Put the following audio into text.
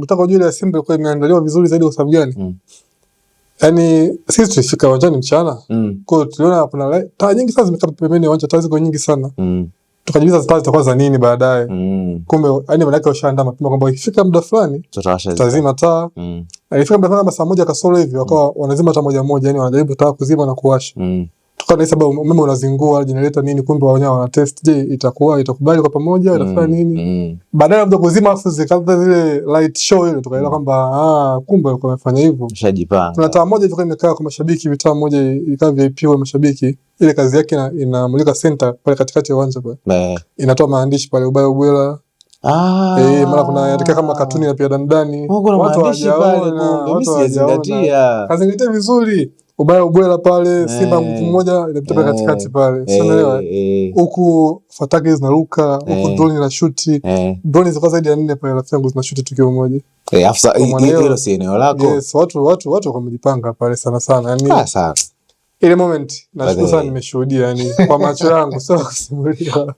Unataka ujue ya Simba ilikuwa imeandaliwa vizuri zaidi kwa sababu gani? Mm. Yaani sisi tulifika uwanjani mchana. Mm. Kwa hiyo tuliona kuna taa nyingi sana zimekaa pembeni ya uwanja, taa ziko nyingi sana. Mm. Tukajiuliza taa zitakuwa za nini baadaye. Mm. Kumbe yaani maana yake washaandaa mapema kwamba ikifika muda fulani tutazima taa. Mm. Ilifika muda fulani kama saa moja kasoro hivi wakawa wanazima taa moja moja, yaani wanajaribu taa kuzima na kuwasha. Mm. Kwa sababu umeme unazingua generator nini, kumbe je, itakuwa itakubali kwa pamoja mm, itafanya nini? Mm. Baadaye kuzima afu zikaanza zile light show ile, tukaelewa mm. kwamba ah, kumbe hivyo Kuna taa moja ilikuwa imekaa kwa mashabiki, moja ikawa VIP wa mashabiki, ile kazi yake inamulika center pale katikati ya uwanja pale, inatoa maandishi pale ubaya Ah, eh, mara kuna yatokea kama katuni pia dandani. Watu watu Kazingatia vizuri ubaya ubwela pale hey. Eh. Simba mtu mmoja inapita hey. Eh. katikati pale, hey. unaelewa eh, huku fataki zinaruka huku droni na shuti hey. droni zikawa zaidi ya nne pale, rafiki yangu zina shuti tukio moja. Afisa hilo si eneo lako? Yes, watu watu watu wamejipanga pale sana sana, yani ah, sana ile moment nashukuru sana, nimeshuhudia yani kwa macho yangu, sio kusimulia.